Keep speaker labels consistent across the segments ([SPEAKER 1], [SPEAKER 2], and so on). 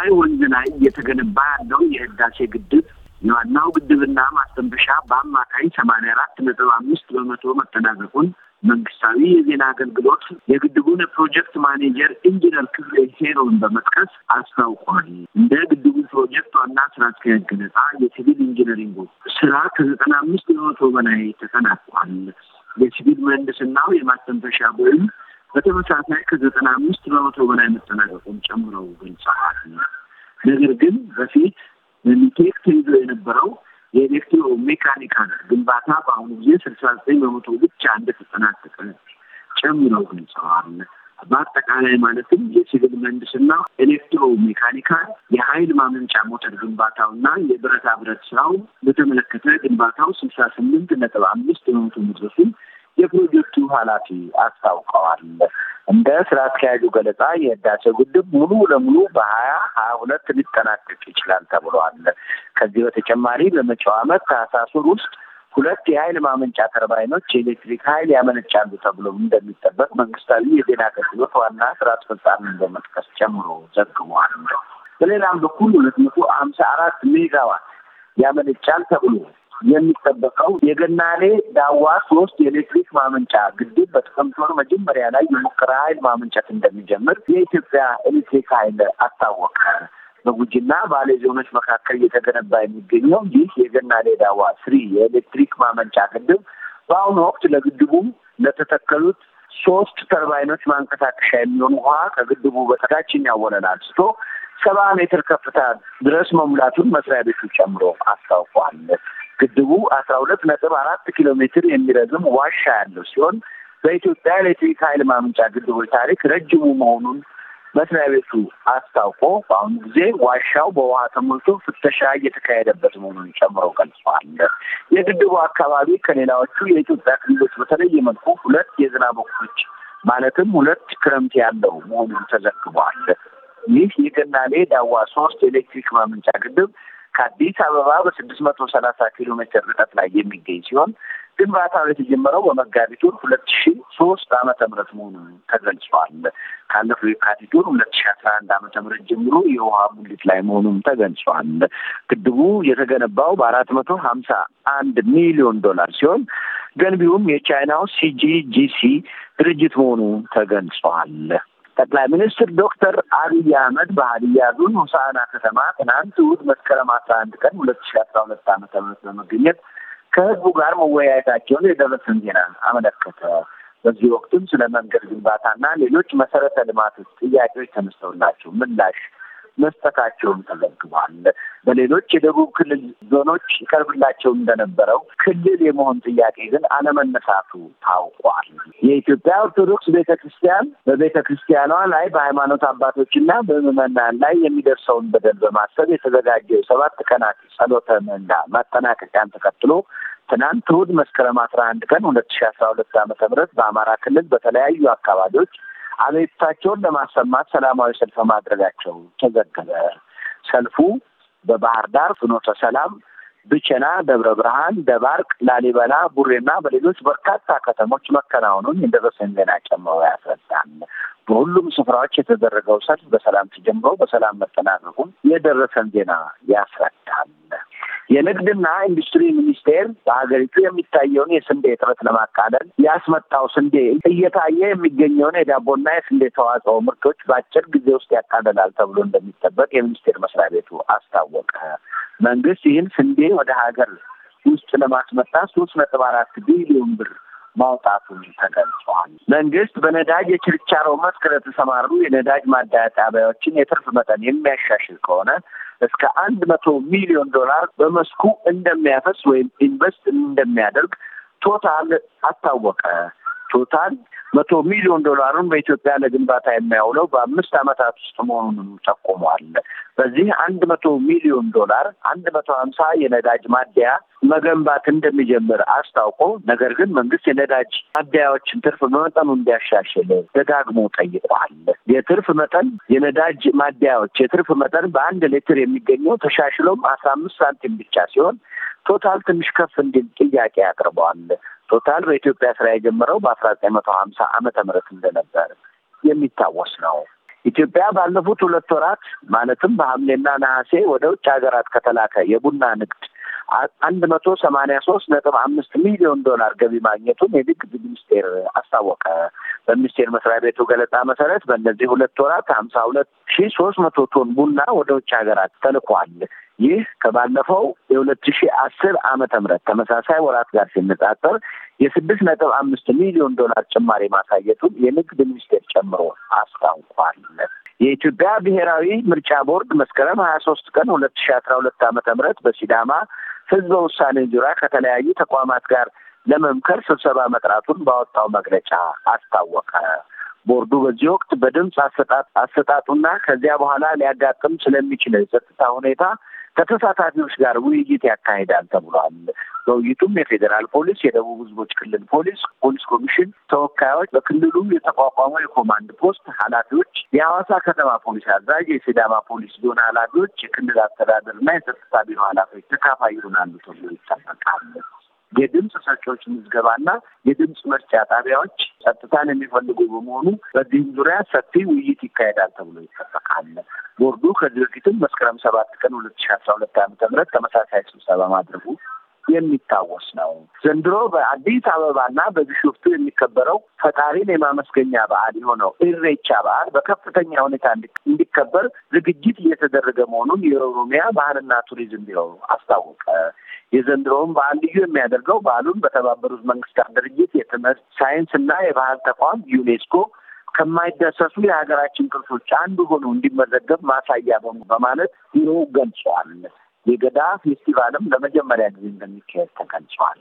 [SPEAKER 1] በአባይ ወንዝ ላይ እየተገነባ ያለው የህዳሴ ግድብ የዋናው ግድብና ማስተንፈሻ በአማካይ ሰማንያ አራት ነጥብ አምስት በመቶ መጠናቀቁን መንግስታዊ የዜና አገልግሎት የግድቡን ፕሮጀክት ማኔጀር ኢንጂነር ክፍሌ ሄሮን በመጥቀስ አስታውቋል። እንደ ግድቡ ፕሮጀክት ዋና ስራ አስኪያጅ ገለጻ የሲቪል ኢንጂነሪንጉ ስራ ከዘጠና አምስት በመቶ በላይ ተጠናቋል። የሲቪል ምህንድስናው የማስተንፈሻ ወይም በተመሳሳይ ከዘጠና አምስት በመቶ በላይ መጠናቀቁን ጨምረው ገልጸዋል። ነገር ግን በፊት በሚቴክ ተይዞ የነበረው የኤሌክትሮ ሜካኒካል ግንባታ በአሁኑ ጊዜ ስልሳ ዘጠኝ በመቶ ብቻ እንደተጠናቀቀ ጨምረው ገልጸዋል። በአጠቃላይ ማለትም የሲቪል መንድስና ኤሌክትሮ ሜካኒካል፣ የኃይል ማመንጫ ሞተር ግንባታው የብረታ ብረት ስራው በተመለከተ ግንባታው ስልሳ ስምንት ነጥብ አምስት በመቶ መድረሱን የፕሮጀክቱ ኃላፊ አስታውቀዋል። እንደ ስራ አስኪያጁ ገለጻ የህዳሴ ግድብ ሙሉ ለሙሉ በሀያ ሀያ ሁለት ሊጠናቀቅ ይችላል ተብሏል። ከዚህ በተጨማሪ በመጪው ዓመት ታህሳስ ወር ውስጥ ሁለት የኃይል ማመንጫ ተርባይኖች የኤሌክትሪክ ኃይል ያመነጫሉ ተብሎ እንደሚጠበቅ መንግስታዊ የዜና አገልግሎት ዋና ስራ አስፈጻሚ በመጥቀስ ጨምሮ ዘግቧል። በሌላም በኩል ሁለት መቶ ሀምሳ አራት ሜጋዋት ያመነጫል ተብሎ የሚጠበቀው የገናሌ ዳዋ ሶስት የኤሌክትሪክ ማመንጫ ግድብ በጥቅምት ወር መጀመሪያ ላይ የሙከራ ኃይል ማመንጨት እንደሚጀምር የኢትዮጵያ ኤሌክትሪክ ኃይል አስታወቀ። በጉጂና ባሌ ዞኖች መካከል እየተገነባ የሚገኘው ይህ የገናሌ ዳዋ ስሪ የኤሌክትሪክ ማመንጫ ግድብ በአሁኑ ወቅት ለግድቡ ለተተከሉት ሶስት ተርባይኖች ማንቀሳቀሻ የሚሆን ውሃ ከግድቡ በታችኛው ወለል አንስቶ ሰባ ሜትር ከፍታ ድረስ መሙላቱን መስሪያ ቤቱ ጨምሮ አስታውቋል። ግድቡ አስራ ሁለት ነጥብ አራት ኪሎ ሜትር የሚረዝም ዋሻ ያለው ሲሆን በኢትዮጵያ ኤሌክትሪክ ኃይል ማመንጫ ግድቦች ታሪክ ረጅሙ መሆኑን መስሪያ ቤቱ አስታውቆ በአሁኑ ጊዜ ዋሻው በውሃ ተሞልቶ ፍተሻ እየተካሄደበት መሆኑን ጨምሮ ገልጸዋል። የግድቡ አካባቢ ከሌላዎቹ የኢትዮጵያ ክልሎች በተለየ መልኩ ሁለት የዝናብ ወቅቶች ማለትም ሁለት ክረምት ያለው መሆኑን ተዘግቧል። ይህ የገናሌ ዳዋ ሶስት ኤሌክትሪክ ማመንጫ ግድብ ከአዲስ አበባ በስድስት መቶ ሰላሳ ኪሎ ሜትር ርቀት ላይ የሚገኝ ሲሆን ግንባታው የተጀመረው በመጋቢት ወር ሁለት ሺ ሶስት አመተ ምህረት መሆኑን ተገልጿል። ካለፈው የካቲት ወር ሁለት ሺ አስራ አንድ አመተ ምህረት ጀምሮ የውሃ ሙሊት ላይ መሆኑም ተገልጿል። ግድቡ የተገነባው በአራት መቶ ሀምሳ አንድ ሚሊዮን ዶላር ሲሆን ገንቢውም የቻይናው ሲጂጂሲ ድርጅት መሆኑ ተገልጿል። ጠቅላይ ሚኒስትር ዶክተር አብይ አህመድ በሀዲያ ዞን ሁሳና ከተማ ትናንት እሑድ መስከረም አስራ አንድ ቀን ሁለት ሺ አስራ ሁለት አመተ ምህረት በመገኘት ከህዝቡ ጋር መወያየታቸውን የደረሰን ዜና አመለከተ። በዚህ ወቅትም ስለ መንገድ ግንባታና ሌሎች መሰረተ ልማት ጥያቄዎች ተነስተውላቸው ምላሽ መስጠታቸውን ተዘግቧል። በሌሎች የደቡብ ክልል ዞኖች ይቀርብላቸው እንደነበረው ክልል የመሆን ጥያቄ ግን አለመነሳቱ ታውቋል። የኢትዮጵያ ኦርቶዶክስ ቤተ ክርስቲያን በቤተ ክርስቲያኗ ላይ በሃይማኖት አባቶችና በምዕመናን ላይ የሚደርሰውን በደል በማሰብ የተዘጋጀው ሰባት ቀናት ጸሎተ ምንዳ ማጠናቀቂያን ተከትሎ ትናንት እሁድ መስከረም አስራ አንድ ቀን ሁለት ሺ አስራ ሁለት ዓመተ ምህረት በአማራ ክልል በተለያዩ አካባቢዎች አቤቱታቸውን ለማሰማት ሰላማዊ ሰልፍ ማድረጋቸው ተዘገበ። ሰልፉ በባህር ዳር፣ ፍኖተ ሰላም፣ ብቸና፣ ደብረ ብርሃን፣ ደባርቅ፣ ላሊበላ፣ ቡሬና በሌሎች በርካታ ከተሞች መከናወኑን የደረሰን ዜና ጨምሮ ያስረዳል። በሁሉም ስፍራዎች የተደረገው ሰልፍ በሰላም ተጀምሮ በሰላም መጠናቀቁን የደረሰን ዜና ያስረዳል። የንግድና ኢንዱስትሪ ሚኒስቴር በሀገሪቱ የሚታየውን የስንዴ እጥረት ለማቃለል ያስመጣው ስንዴ እየታየ የሚገኘውን የዳቦና የስንዴ ተዋጽኦ ምርቶች በአጭር ጊዜ ውስጥ ያቃለላል ተብሎ እንደሚጠበቅ የሚኒስቴር መስሪያ ቤቱ አስታወቀ። መንግስት ይህን ስንዴ ወደ ሀገር ውስጥ ለማስመጣት ሶስት ነጥብ አራት ቢሊዮን ብር ማውጣቱን ተገልጿል። መንግስት በነዳጅ የችርቻሮ መስክ ለተሰማሩ የነዳጅ ማደያ ጣቢያዎችን የትርፍ መጠን የሚያሻሽል ከሆነ እስከ አንድ መቶ ሚሊዮን ዶላር በመስኩ እንደሚያፈስ ወይም ኢንቨስት እንደሚያደርግ ቶታል አስታወቀ። ቶታል መቶ ሚሊዮን ዶላሩን በኢትዮጵያ ለግንባታ የሚያውለው በአምስት ዓመታት ውስጥ መሆኑንም ጠቁሟል። በዚህ አንድ መቶ ሚሊዮን ዶላር አንድ መቶ ሀምሳ የነዳጅ ማደያ መገንባት እንደሚጀምር አስታውቆ ነገር ግን መንግስት የነዳጅ ማደያዎችን ትርፍ መጠኑ እንዲያሻሽል ደጋግሞ ጠይቋል። የትርፍ መጠን የነዳጅ ማደያዎች የትርፍ መጠን በአንድ ሊትር የሚገኘው ተሻሽሎም አስራ አምስት ሳንቲም ብቻ ሲሆን ቶታል ትንሽ ከፍ እንዲል ጥያቄ አቅርበዋል። ቶታል በኢትዮጵያ ስራ የጀመረው በአስራ ዘጠኝ መቶ ሀምሳ አመተ ምህረት እንደነበር የሚታወስ ነው። ኢትዮጵያ ባለፉት ሁለት ወራት ማለትም በሐምሌና ነሐሴ ወደ ውጭ ሀገራት ከተላከ የቡና ንግድ አንድ መቶ ሰማኒያ ሶስት ነጥብ አምስት ሚሊዮን ዶላር ገቢ ማግኘቱን የንግድ ሚኒስቴር አስታወቀ። በሚኒስቴር መስሪያ ቤቱ ገለጻ መሰረት በእነዚህ ሁለት ወራት ሀምሳ ሁለት ሺ ሶስት መቶ ቶን ቡና ወደ ውጭ ሀገራት ተልኳል። ይህ ከባለፈው የሁለት ሺ አስር አመተ ምህረት ተመሳሳይ ወራት ጋር ሲነጻጸር የስድስት ነጥብ አምስት ሚሊዮን ዶላር ጭማሪ ማሳየቱን የንግድ ሚኒስቴር ጨምሮ አስታውቋል። የኢትዮጵያ ብሔራዊ ምርጫ ቦርድ መስከረም ሀያ ሶስት ቀን ሁለት ሺ አስራ ሁለት አመተ ምህረት በሲዳማ ህዝበ ውሳኔ ዙሪያ ከተለያዩ ተቋማት ጋር ለመምከር ስብሰባ መጥራቱን ባወጣው መግለጫ አስታወቀ። ቦርዱ በዚህ ወቅት በድምፅ አሰጣጡና ከዚያ በኋላ ሊያጋጥም ስለሚችል የጸጥታ ሁኔታ ከተሳታፊዎች ጋር ውይይት ያካሂዳል ተብሏል። በውይይቱም የፌዴራል ፖሊስ፣ የደቡብ ህዝቦች ክልል ፖሊስ፣ ፖሊስ ኮሚሽን ተወካዮች፣ በክልሉ የተቋቋመው የኮማንድ ፖስት ኃላፊዎች፣ የሐዋሳ ከተማ ፖሊስ አዛዥ፣ የሲዳማ ፖሊስ ዞን ኃላፊዎች፣ የክልል አስተዳደር ና የጸጥታ ቢሮ ኃላፊዎች ተካፋይ ይሆናሉ ተብሎ ይጠበቃል። የድምፅ ሰጪዎች ምዝገባና የድምፅ መስጫ ጣቢያዎች ጸጥታን የሚፈልጉ በመሆኑ በዚህም ዙሪያ ሰፊ ውይይት ይካሄዳል ተብሎ ይጠበቃል። ቦርዱ ከዚህ በፊትም መስከረም ሰባት ቀን ሁለት ሺ አስራ ሁለት ዓመተ ምህረት ተመሳሳይ ስብሰባ ማድረጉ የሚታወስ ነው። ዘንድሮ በአዲስ አበባና በቢሾፍቱ የሚከበረው ፈጣሪን የማመስገኛ በዓል የሆነው ኢሬቻ በዓል በከፍተኛ ሁኔታ እንዲከበር ዝግጅት እየተደረገ መሆኑን የኦሮሚያ ባህልና ቱሪዝም ቢሮ አስታወቀ። የዘንድሮውም በዓል ልዩ የሚያደርገው በዓሉን በተባበሩት መንግስታት ድርጅት የትምህርት እና የባህል ተቋም ዩኔስኮ ከማይዳሰሱ የሀገራችን ቅርሶች አንዱ ሆኖ እንዲመዘገብ ማሳያ በማለት ቢሮ ገልጿል። የገዳ ፌስቲቫልም ለመጀመሪያ ጊዜ እንደሚካሄድ ተገልጿል።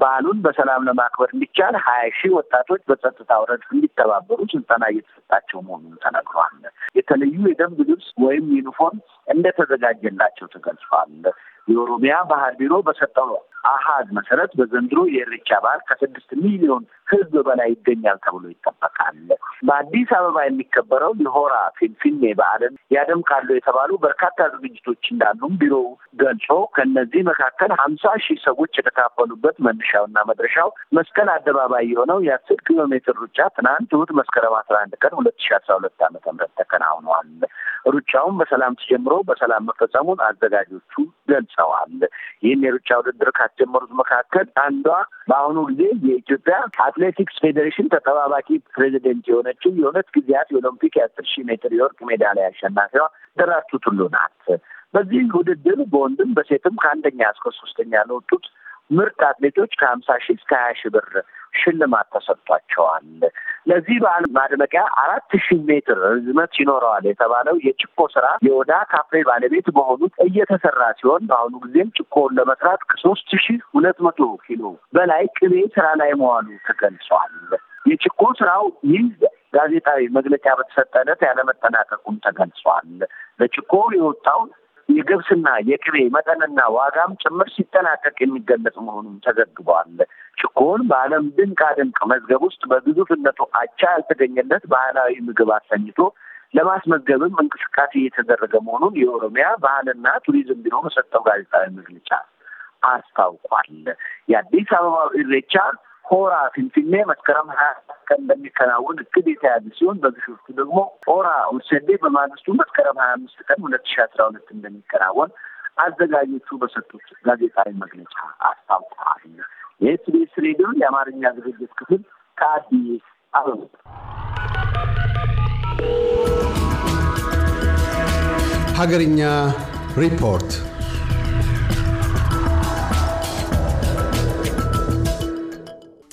[SPEAKER 1] በዓሉን በሰላም ለማክበር እንዲቻል ሀያ ሺህ ወጣቶች በጸጥታ ረድፍ እንዲተባበሩ ስልጠና እየተሰጣቸው መሆኑን ተነግሯል። የተለዩ የደንብ ልብስ ወይም ዩኒፎርም እንደተዘጋጀላቸው ተገልጿል። የኦሮሚያ ባህል ቢሮ በሰጠው አሃዝ መሰረት በዘንድሮ የእሬቻ በዓል ከስድስት ሚሊዮን ህዝብ በላይ ይገኛል ተብሎ ይጠበቃል። በአዲስ አበባ የሚከበረው የሆራ ፊንፊኔ በዓልን ያደምቃሉ የተባሉ በርካታ ዝግጅቶች እንዳሉም ቢሮው ገልጾ ከእነዚህ መካከል ሀምሳ ሺህ ሰዎች የተካፈሉበት መነሻውና መድረሻው መስቀል አደባባይ የሆነው የአስር ኪሎ ሜትር ሩጫ ትናንት እሑድ መስከረም አስራ አንድ ቀን ሁለት ሺ አስራ ሁለት ዓመተ ምህረት ተከናውኗል። ሩጫውን በሰላም ተጀምሮ በሰላም መፈጸሙን አዘጋጆቹ ገልጸዋል። ይህን የሩጫ ውድድር ካስጀመሩት መካከል አንዷ በአሁኑ ጊዜ የኢትዮጵያ አትሌቲክስ ፌዴሬሽን ተጠባባቂ ፕሬዚደንት የሆነች እሱ የሁለት ጊዜያት የኦሎምፒክ የአስር ሺህ ሜትር የወርቅ ሜዳሊያ አሸናፊዋ ደራርቱ ቱሉ ናት። በዚህ ውድድር በወንድም በሴትም ከአንደኛ እስከ ሶስተኛ ለወጡት ምርጥ አትሌቶች ከሀምሳ ሺህ እስከ ሀያ ሺህ ብር ሽልማት ተሰጥቷቸዋል። ለዚህ በዓል ማድመቂያ አራት ሺህ ሜትር ርዝመት ይኖረዋል የተባለው የጭኮ ስራ የኦዳ ካፍሬ ባለቤት በሆኑት እየተሰራ ሲሆን በአሁኑ ጊዜም ጭኮውን ለመስራት ከሶስት ሺህ ሁለት መቶ ኪሎ በላይ ቅቤ ስራ ላይ መዋሉ ተገልጿል። የጭኮ ስራው ይህ ጋዜጣዊ መግለጫ በተሰጠለት ያለመጠናቀቁም ተገልጿል። ለችኮ የወጣው የገብስና የቅቤ መጠንና ዋጋም ጭምር ሲጠናቀቅ የሚገለጽ መሆኑም ተዘግቧል። ችኮን በዓለም ድንቃ ድንቅ መዝገብ ውስጥ በግዙፍነቱ አቻ ያልተገኘለት ባህላዊ ምግብ አሰኝቶ ለማስመዝገብም እንቅስቃሴ እየተደረገ መሆኑን የኦሮሚያ ባህልና ቱሪዝም ቢሮ በሰጠው ጋዜጣዊ መግለጫ አስታውቋል። የአዲስ አበባ ኢሬቻ ሆራ ፊንፊኔ መስከረም ሀያ ቀን እንደሚከናወን እቅድ የተያዘ ሲሆን በግሾፍቱ ደግሞ ሆራ ወሰዴ በማግስቱ መስከረም ሀያ አምስት ቀን ሁለት ሺ አስራ ሁለት እንደሚከናወን አዘጋጆቹ በሰጡት ጋዜጣዊ መግለጫ አስታውቀዋል። የኤስቢኤስ ሬዲዮ የአማርኛ ዝግጅት ክፍል ከአዲስ አበባ ሀገርኛ ሪፖርት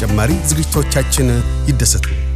[SPEAKER 1] ተጨማሪ ዝግጅቶቻችን ይደሰቱ።